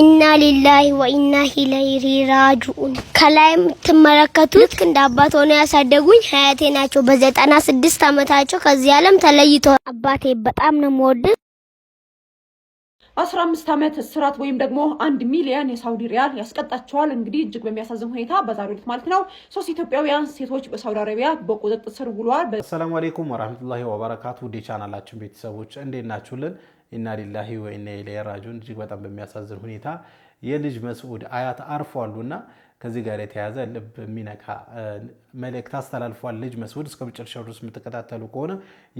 ኢና ሊላሂ ወኢና ኢለይሂ ራጂኡን። ከላይ የምትመለከቱት ልክ እንደ አባት ሆነው ያሳደጉኝ ሀያቴ ናቸው። በዘጠና ስድስት ዓመታቸው ከዚህ ዓለም ተለይቶ አባቴ በጣም ነው የምወድህ። አስራ አምስት ዓመት እስራት ወይም ደግሞ አንድ ሚሊዮን የሳውዲ ሪያል ያስቀጣቸዋል። እንግዲህ እጅግ በሚያሳዝን ሁኔታ በዛሬው ዕለት ማለት ነው ሶስት ኢትዮጵያውያን ሴቶች በሳውዲ አረቢያ በቁጥጥር ስር ውለዋል። አሰላሙ አሌይኩም ወራህመቱላሂ ወበረካቱ። ውዴ ቤተሰቦች እንዴት ናችሁልን? ኢና ሊላሂ ወኢና ኢለይሂ ራጂዑን እጅግ በጣም በሚያሳዝን ሁኔታ የልጅ መስዑድ አያት አርፏሉና ከዚህ ጋር የተያዘ ልብ የሚነካ መልእክት አስተላልፏል። ልጅ መስዑድ እስከ መጨረሻው ድረስ የምትከታተሉ ከሆነ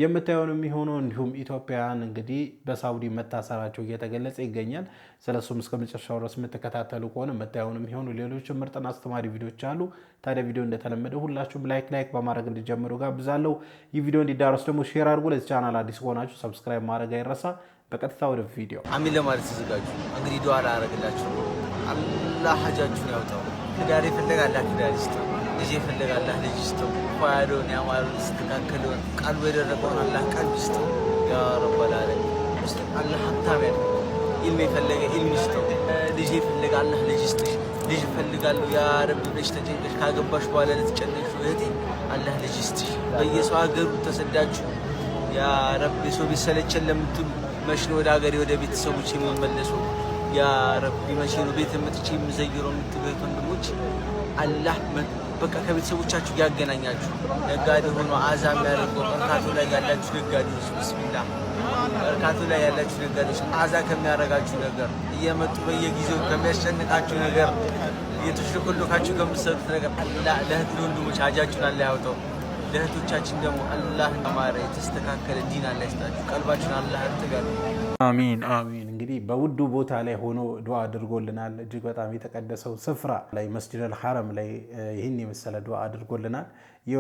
የምታየውን የሚሆነው እንዲሁም ኢትዮጵያውያን እንግዲህ በሳውዲ መታሰራቸው እየተገለጸ ይገኛል። ስለሱም እስከ መጨረሻው ድረስ የምትከታተሉ ከሆነ የምታየውን የሚሆኑ ሌሎች ምርጥና አስተማሪ ቪዲዮች አሉ። ታዲያ ቪዲዮ እንደተለመደ ሁላችሁም ላይክ ላይክ በማድረግ እንዲጀምሩ ጋብዛለሁ። ይህ ቪዲዮ እንዲዳረስ ደግሞ ሼር አድርጎ ለዚህ ቻናል አዲስ ከሆናችሁ ሰብስክራይብ ማድረግ አይረሳ። በቀጥታ ወደ ቪዲዮ አሚን ለማለት ተዘጋጁ። እንግዲህ ዱዓ ላረግላችሁ አላህ ሀጃችሁን ያውጣው። ትዳር ይፈልጋላ አላህ ይስጠው። ልጅ ይፈልጋላ ልጅ ይስጠው። ኳያዶን ያማሩ ስትካከለውን ቃሉ የደረገውን አላህ ቀልብ ይስጠው። ያ ረበል ዓለሚን አላህ ሀብታም ያለ ኢልም የፈለገ ኢልም ይስጠው። ልጅ ይፈልጋላ ልጅ ይስጥሽ። ልጅ ይፈልጋሉ ያ ረቢ ብለሽ ተጨንቀሽ ካገባሽ በኋላ ለተጨነቅሽ እህቴ አላህ ልጅ ይስጥሽ። በየሰው ሀገሩ ተሰዳችሁ ያ ረቢ ሰው ቢሰለቸን ለምትሉ መች ነው ወደ ሀገሬ ወደ ቤተሰቦች የምመለሰው? ያ ረቢ ቤት መጥቼ የምዘይረው? የምትገት ወንድሞች አላህ በቃ ከቤተሰቦቻችሁ ያገናኛችሁ። ነጋዴ ሆኖ አዛ የሚያደርገው መርካቶ ላይ ያላችሁ ነጋዴዎች፣ ብስሚላ መርካቶ ላይ ያላችሁ ነጋዴዎች አዛ ከሚያደርጋችሁ ነገር እየመጡ በየጊዜው ከሚያስጨንቃችሁ ነገር እየተሽለኮለካችሁ ከምትሰሩት ነገር ለእህት ለወንድሞች ሀጃችሁን አላህ ያውጣው። ለእህቶቻችን ደግሞ አላህ አማረ የተስተካከለ ዲን አላህ ይስጣችሁ። ቀልባችን አላህ አትጋሉ። አሚን አሚን። እንግዲህ በውዱ ቦታ ላይ ሆኖ ዱዓ አድርጎልናል። እጅግ በጣም የተቀደሰው ስፍራ ላይ መስጅድ አልሐረም ላይ ይህን የመሰለ ዱዓ አድርጎልናል።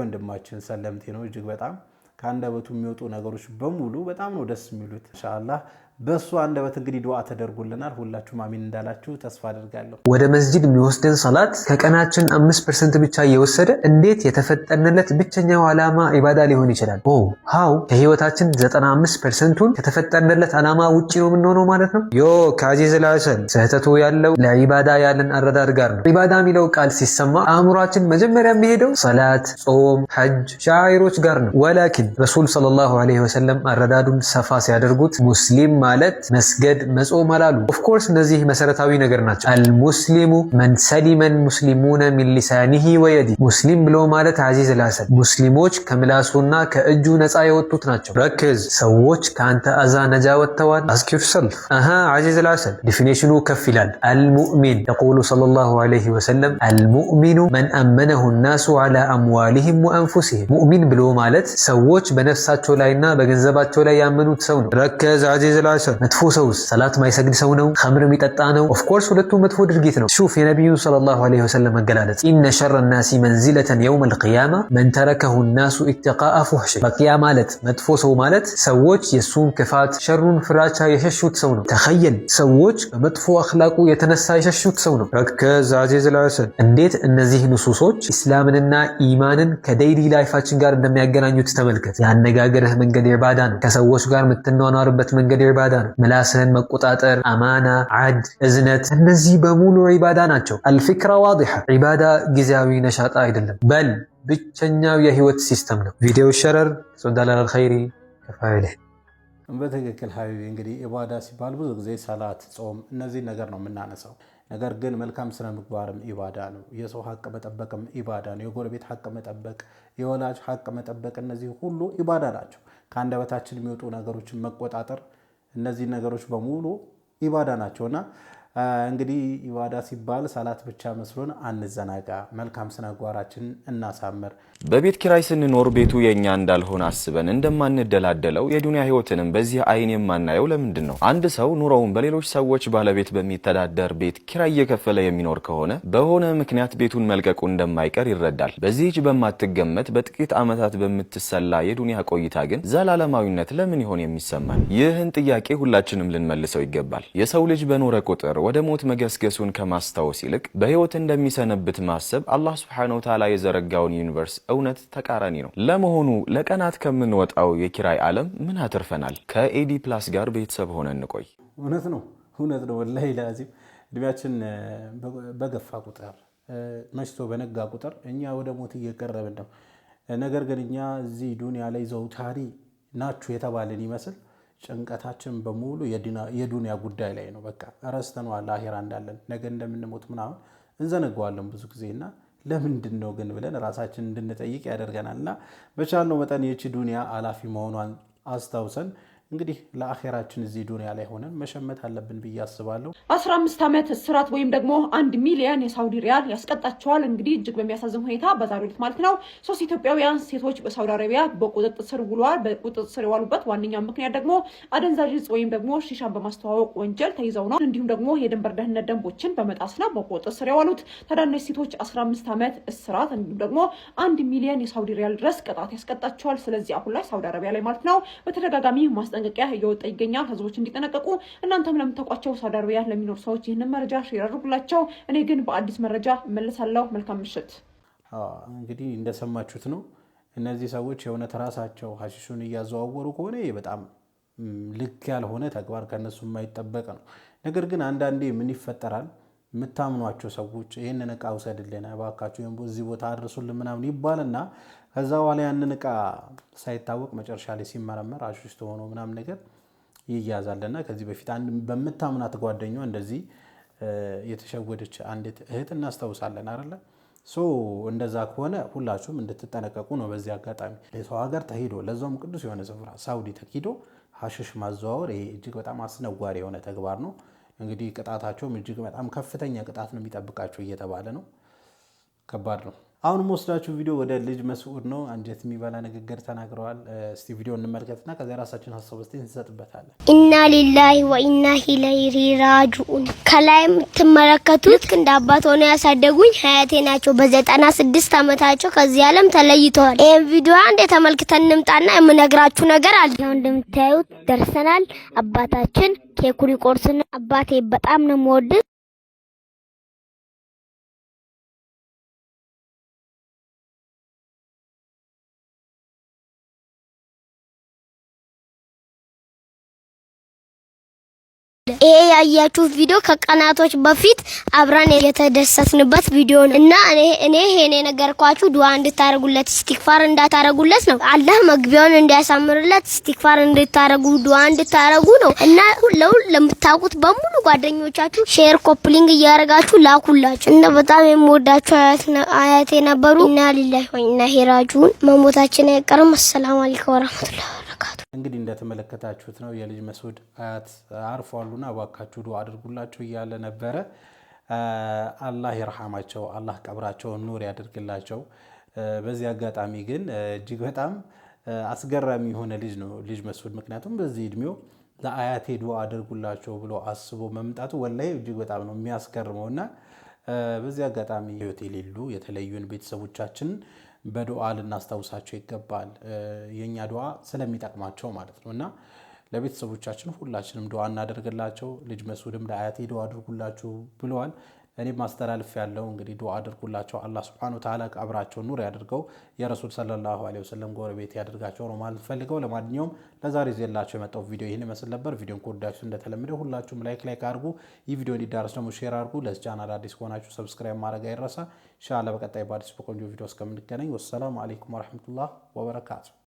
ወንድማችን ሰለምቴ ነው። እጅግ በጣም ከአንደበቱ የሚወጡ ነገሮች በሙሉ በጣም ነው ደስ የሚሉት። ኢንሻአላህ በእሱ አንደበት እንግዲህ ዱዓ ተደርጎልናል። ሁላችሁም አሚን እንዳላችሁ ተስፋ አድርጋለሁ። ወደ መስጂድ የሚወስደን ሰላት ከቀናችን አምስት ፐርሰንት ብቻ እየወሰደ እንዴት የተፈጠርንለት ብቸኛው ዓላማ ኢባዳ ሊሆን ይችላል? ኦ ሀው ከህይወታችን አምስት ፐርሰንቱን ከተፈጠርንለት ዓላማ ውጭ ነው የምንሆነው ማለት ነው። ዮ ከአዚዝ ላሰን ስህተቱ ያለው ለኢባዳ ያለን አረዳድ ጋር ነው። ኢባዳ የሚለው ቃል ሲሰማ አእምሯችን መጀመሪያ የሚሄደው ሰላት፣ ጾም፣ ሐጅ፣ ሻይሮች ጋር ነው። ወላኪን ረሱል ሰለላሁ ዐለይሂ ወሰለም አረዳዱን ሰፋ ሲያደርጉት ሙስሊም ማለት መስገድ፣ መጾም አላሉ። ኦፍኮርስ እነዚህ መሰረታዊ ነገር ናቸው። አልሙስሊሙ መን ሰሊመን ሙስሊሙነ ሚን ሊሳኒሂ ወየዲ ሙስሊም ብሎ ማለት አዚዝ ላሰል ሙስሊሞች ከምላሱና ከእጁ ነፃ የወጡት ናቸው። ረክዝ ሰዎች ከአንተ አዛ ነጃ ወጥተዋል። አስኪፍ ሰልፍ አሃ አዚዝ ላሰል ዲፊኔሽኑ ከፍ ይላል። አልሙእሚን የቁሉ ሰለላሁ ዐለይሂ ወሰለም አልሙእሚኑ መን አመነሁ ናሱ ዐላ አምዋሊሂም ወአንፉሲሂም ሙእሚን ብሎ ማለት ሰዎች በነፍሳቸው ላይና በገንዘባቸው ላይ ያመኑት ሰው ነው። ረከዝ አዚዝ ላሰል ሰው መጥፎ ሰው ሰላት ማይሰግድ ሰው ነው፣ ኸምር የሚጠጣ ነው። ኦፍኮርስ ሁለቱም መጥፎ ድርጊት ነው። ሹፍ የነቢዩን ሰለላሁ ዐለይሂ ወሰለም መገላለጽ ኢነ ሸረ ናሲ መንዚለተን የውመል ቂያማ መን ተረከሁ ናሱ ኢትቃአ ፉሕሽ። በቂያ ማለት መጥፎ ሰው ማለት ሰዎች የእሱን ክፋት ሸሩን ፍራቻ የሸሹት ሰው ነው። ተኸየል ሰዎች በመጥፎ አኽላቁ የተነሳ የሸሹት ሰው ነው። ረከዛዜ ዝላሰን እንዴት እነዚህ ንሱሶች እስላምንና ኢማንን ከዴይሊ ላይፋችን ጋር እንደሚያገናኙት ተመልከት። የአነጋገርህ መንገድ ኢባዳ ነው። ከሰዎች ጋር የምትኗኗርበት መንገድ ዒባዳ ነው። ምላስህን መቆጣጠር፣ አማና፣ አድ፣ እዝነት እነዚህ በሙሉ ዒባዳ ናቸው። አልፊክራ ዋዲሐ ዒባዳ ጊዜያዊ ነሻጣ አይደለም፣ በል ብቸኛው የህይወት ሲስተም ነው። ቪዲዮ ሸረር ሶዳላል ኸይሪ ከፋይልህ በትክክል ሀቢቢ እንግዲህ ኢባዳ ሲባል ብዙ ጊዜ ሰላት፣ ጾም እነዚህ ነገር ነው የምናነሳው። ነገር ግን መልካም ስነ ምግባርም ኢባዳ ነው። የሰው ሀቅ መጠበቅም ኢባዳ ነው። የጎረቤት ሀቅ መጠበቅ፣ የወላጅ ሀቅ መጠበቅ እነዚህ ሁሉ ኢባዳ ናቸው። ከአንደበታችን የሚወጡ ነገሮችን መቆጣጠር እነዚህ ነገሮች በሙሉ ኢባዳ ናቸውና እንግዲህ ኢባዳ ሲባል ሰላት ብቻ መስሎን አንዘናጋ፣ መልካም ስነጓራችን እናሳምር። በቤት ኪራይ ስንኖር ቤቱ የእኛ እንዳልሆነ አስበን እንደማንደላደለው የዱንያ ህይወትንም በዚህ አይን የማናየው ለምንድን ነው? አንድ ሰው ኑሮውን በሌሎች ሰዎች ባለቤት በሚተዳደር ቤት ኪራይ እየከፈለ የሚኖር ከሆነ በሆነ ምክንያት ቤቱን መልቀቁ እንደማይቀር ይረዳል። በዚህች በማትገመት በጥቂት ዓመታት በምትሰላ የዱንያ ቆይታ ግን ዘላለማዊነት ለምን ይሆን የሚሰማል? ይህን ጥያቄ ሁላችንም ልንመልሰው ይገባል። የሰው ልጅ በኖረ ቁጥር ወደ ሞት መገስገሱን ከማስታወስ ይልቅ በሕይወት እንደሚሰነብት ማሰብ አላህ ስብሓነ ወተዓላ የዘረጋውን ዩኒቨርስ እውነት ተቃራኒ ነው። ለመሆኑ ለቀናት ከምንወጣው የኪራይ ዓለም ምን አትርፈናል? ከኤዲ ፕላስ ጋር ቤተሰብ ሆነ እንቆይ። እውነት ነው፣ እውነት ነው። ወላሂ ላዚም እድሜያችን በገፋ ቁጥር መሽቶ በነጋ ቁጥር እኛ ወደ ሞት እየቀረብን ነው። ነገር ግን እኛ እዚህ ዱንያ ላይ ዘውታሪ ናችሁ የተባልን ይመስል ጭንቀታችን በሙሉ የዱንያ ጉዳይ ላይ ነው። በቃ ረስተነዋል አሄራ እንዳለን ነገ እንደምንሞት ምናምን እንዘነገዋለን ብዙ ጊዜ እና ለምንድን ነው ግን ብለን ራሳችን እንድንጠይቅ ያደርገናል። እና በቻልነው መጠን የቺ ዱንያ አላፊ መሆኗን አስታውሰን እንግዲህ ለአኼራችን እዚህ ዱንያ ላይ ሆነን መሸመት አለብን ብዬ አስባለሁ። አስራ አምስት ዓመት እስራት ወይም ደግሞ አንድ ሚሊየን የሳውዲ ሪያል ያስቀጣቸዋል። እንግዲህ እጅግ በሚያሳዝን ሁኔታ በዛሬው ዕለት ማለት ነው ሶስት ኢትዮጵያውያን ሴቶች በሳውዲ አረቢያ በቁጥጥር ስር ውለዋል። በቁጥጥር ስር የዋሉበት ዋነኛው ምክንያት ደግሞ አደንዛዥ ወይም ደግሞ ሺሻን በማስተዋወቅ ወንጀል ተይዘው ነው። እንዲሁም ደግሞ የድንበር ደህንነት ደንቦችን በመጣስ ነው በቁጥጥር ስር የዋሉት። ተዳናሽ ሴቶች አስራ አምስት ዓመት እስራት እንዲሁም ደግሞ አንድ ሚሊየን የሳውዲ ሪያል ድረስ ቅጣት ያስቀጣቸዋል። ስለዚህ አሁን ላይ ሳውዲ አረቢያ ላይ ማለት ነው በተደጋጋሚ ማስጠ ማስጠንቀቂያ እየወጣ ይገኛል። ህዝቦች እንዲጠነቀቁ እናንተም ለምታውቋቸው ሳውዲ አረቢያ ለሚኖሩ ሰዎች ይህንን መረጃ ሼር አድርጉላቸው። እኔ ግን በአዲስ መረጃ እመለሳለሁ። መልካም ምሽት። እንግዲህ እንደሰማችሁት ነው። እነዚህ ሰዎች የእውነት ራሳቸው ሀሺሹን እያዘዋወሩ ከሆነ በጣም ልክ ያልሆነ ተግባር ከነሱ የማይጠበቅ ነው። ነገር ግን አንዳንዴ ምን ይፈጠራል? የምታምኗቸው ሰዎች ይህንን እቃ ውሰድልን እባካችሁ፣ እዚህ ቦታ አድርሱልን ምናምን ይባልና ከዛ በኋላ ያንን እቃ ሳይታወቅ መጨረሻ ላይ ሲመረመር አሽሽቶ ሆኖ ምናምን ነገር ይያዛል ከዚህ በፊት በምታምናት ጓደኛ እንደዚህ የተሸወደች አንዲት እህት እናስታውሳለን አለ። ሶ እንደዛ ከሆነ ሁላችሁም እንድትጠነቀቁ ነው። በዚህ አጋጣሚ የሰው ሀገር ተሂዶ ለዛውም ቅዱስ የሆነ ስፍራ ሳውዲ ተሂዶ ሀሽሽ ማዘዋወር ይሄ እጅግ በጣም አስነዋሪ የሆነ ተግባር ነው። እንግዲህ ቅጣታቸውም እጅግ በጣም ከፍተኛ ቅጣት ነው የሚጠብቃቸው እየተባለ ነው። ከባድ ነው። አሁን ወስዳችሁ ቪዲዮ ወደ ልጅ መስዑድ ነው። አንጀት የሚበላ ንግግር ተናግረዋል። እስቲ ቪዲዮ እንመልከትና ከዚያ ራሳችን ሀሳብ ስ እንሰጥበታለን። ኢና ሊላሂ ወኢና ኢለይሂ ራጅኡን። ከላይ የምትመለከቱት ልክ እንደ አባት ሆነ ያሳደጉኝ ሀያቴ ናቸው። በዘጠና ስድስት ዓመታቸው ከዚህ ዓለም ተለይተዋል። ይህም ቪዲዮ አንድ የተመልክተን እንምጣና የምነግራችሁ ነገር አለ። ያው እንደምታዩት ደርሰናል። አባታችን ኬኩን ይቆርስና አባቴ በጣም ነው የምወድህ ይሄ ያያችሁ ቪዲዮ ከቀናቶች በፊት አብረን የተደሰትንበት ቪዲዮ ነው እና እኔ ይሄን የነገርኳችሁ ዱዋ እንድታደረጉለት ስቲክፋር እንዳታረጉለት ነው። አላህ መግቢያውን እንዲያሳምርለት ስቲክፋር እንድታረጉ ዱዋ እንድታረጉ ነው እና ለሁሉ ለምታውቁት በሙሉ ጓደኞቻችሁ ሼር ኮፕሊንግ እያደረጋችሁ ላኩላችሁ እና በጣም የምወዳችሁ አያት የነበሩ እና ሊላሂ ሆኝና ሄራጁን መሞታችን አይቀርም። አሰላሙ አለይኩም ወረመቱላ እንግዲህ እንደተመለከታችሁት ነው የልጅ መስዑድ አያት አርፏሉና እባካችሁ ዱዓ አድርጉላቸው እያለ ነበረ። አላህ ይርሃማቸው፣ አላህ ቀብራቸውን ኑር ያደርግላቸው። በዚህ አጋጣሚ ግን እጅግ በጣም አስገራሚ የሆነ ልጅ ነው ልጅ መስዑድ። ምክንያቱም በዚህ እድሜው ለአያቴ ዱዓ አድርጉላቸው ብሎ አስቦ መምጣቱ ወላሂ እጅግ በጣም ነው የሚያስገርመውና በዚህ አጋጣሚ ህይወት የሌሉ የተለዩን ቤተሰቦቻችን በዱዓ ልናስታውሳቸው ይገባል። የእኛ ዱዓ ስለሚጠቅማቸው ማለት ነው እና ለቤተሰቦቻችን ሁላችንም ዱዓ እናደርግላቸው። ልጅ መስዑድም ለአያቴ ዱዓ አድርጉላችሁ ብለዋል። እኔ ማስተላልፍ ያለው እንግዲህ ዱዓ አድርጉላቸው። አላህ ስብሐነ ወተዓላ ቀብራቸው ኑር ያድርገው። የረሱል ሰለላሁ ዐለይሂ ወሰለም ጎረቤት ያድርጋቸው ነው ማለት ፈልገው። ለማንኛውም ለዛሬ ዜላቸው የመጣው ቪዲዮ ይህን ይመስል ነበር። ቪዲዮን ከወዳችሁ እንደተለመደ ሁላችሁም ላይክ ላይክ አድርጉ። ይህ ቪዲዮ እንዲዳረስ ደግሞ ሼር አድርጉ። ለዚህ ቻናል አዲስ ከሆናችሁ ሰብስክራይብ ማድረግ አይረሳ። ኢንሻአላህ በቀጣይ በአዲስ በቆንጆ ቪዲዮ እስከምንገናኝ ወሰላሙ አለይኩም ወረሕመቱላህ ወበረካቱ።